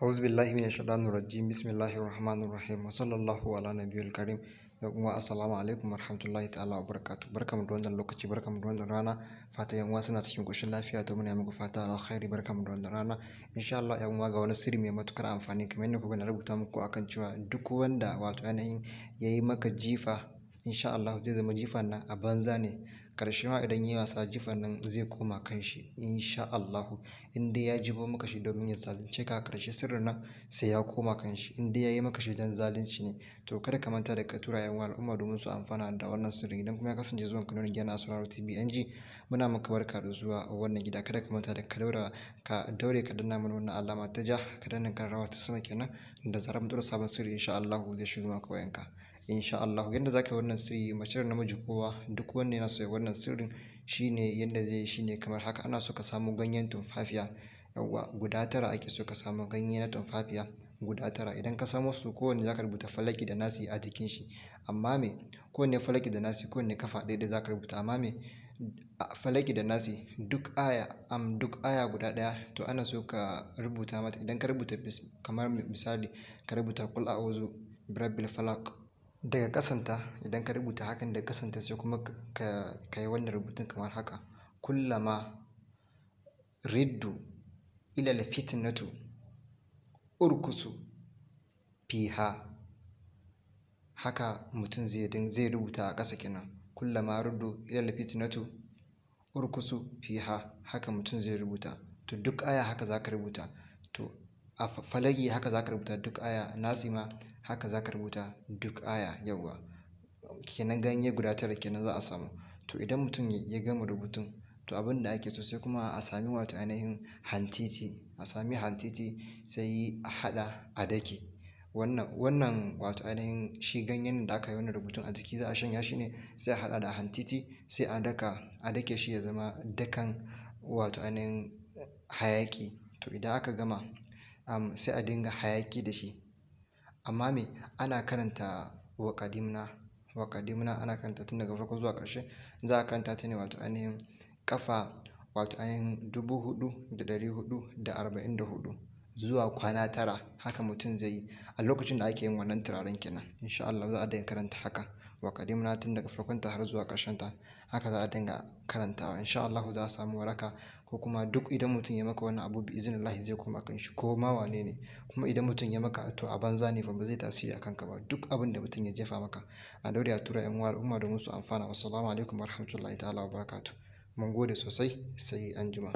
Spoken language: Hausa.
auzu billahi min shaitanir rajim bismillahir rahmanir rahim wa sallallahu ala nabiyil karim da kuma assalamu alaikum warahmatullahi ta'ala wa barakatuh barkamu da wannan lokaci barkamu rana fata yan uwa suna cikin koshin lafiya domin ya muku fata alkhairi barkamu da wannan rana insha Allah ga wani siri mai matukar amfani kamar yadda kuka na rubuta muku akan cewa duk wanda wato ainihin yayi maka jifa insha Allah zai zama jifa nan a banza ne karshe ma idan yi wasa jifa nan zai koma kan shi insha Allahu in dai ya jibo maka shi domin ya zalunce ka karshe sirrin nan sai ya koma kan shi in dai ya yi maka shi don zalunci ne to kada ka manta da ka tura yan al'umma domin su amfana da wannan sirri idan kuma ya kasance zuwan ka nuna gyana asuraru TBNG muna maka barka da zuwa wannan gida kada ka manta da ka daura ka daure ka danna mana wannan alama ta ja ka danna kan rawa ta sama kenan da zarar mun sabon sirri insha Allahu zai shigo maka wayanka insha Allah yanda zaka yi wannan sirri mace namiji kowa duk wanda yana so ya wannan sirrin shine yanda zai yi shine kamar haka ana so ka samu ganyen tumfafiya yawwa guda tara ake so ka samu ganye na tumfafiya guda tara idan ka samo su kowanne zaka rubuta falaki da nasi a jikin shi amma me kowanne falaki da nasi kowanne kafa ɗaya da zaka rubuta amma me falaki da nasi duk aya am duk aya guda ɗaya to ana so ka rubuta mata idan ka rubuta kamar misali ka rubuta kul a'udhu birabbil falaq daga kasanta, idan ka rubuta hakan daga kasanta sai kuma ka yi wannan rubutun kamar haka kullama riddu ilal fitnatu urkusu fiha haka mutum zai rubuta a ƙasa kenan kullama riddu, ilal fitnatu urkusu fiha haka mutum zai rubuta to duk aya haka za ka rubuta to a falagi haka za ka rubuta duk aya nasima haka za ka rubuta duk aya yauwa kenan ganye guda tara kenan za a samu to idan mutum ya gama rubutun to abin da ake so sai kuma a sami wato ainihin hantiti a sami hantiti sai a haɗa a dake wannan wannan wato ainihin shi ganyen da aka yi wani rubutun a jiki za a shanya shi ne sai a haɗa da hantiti sai a daka a dake shi ya zama dakan wato ainihin hayaƙi to idan aka gama sai a dinga hayaki da shi amma me ana karanta waƙadimna waƙadimna ana karanta tun daga farko zuwa ƙarshe za a karanta ta ne wato ainihin ƙafa wato ainihin dubu huɗu da ɗari huɗu da arba'in da huɗu zuwa kwana tara haka mutum zai yi a lokacin da ake yin wannan turaren kenan insha Allah za a dinga karanta haka wa qadimna tun daga farkon ta har zuwa ƙarshen ta haka za a dinga karantawa insha Allah za a samu waraka ko kuma duk idan mutum ya maka wani abu bi iznillahi zai koma kan shi ko ma wane ne kuma idan mutum ya maka to a banza ne ba zai tasiri akan ka ba duk abin da mutum ya jefa maka a daure a tura yan uwa al'umma domin su amfana salamu alaikum warahmatullahi ta'ala barakatuh mun gode sosai sai anjima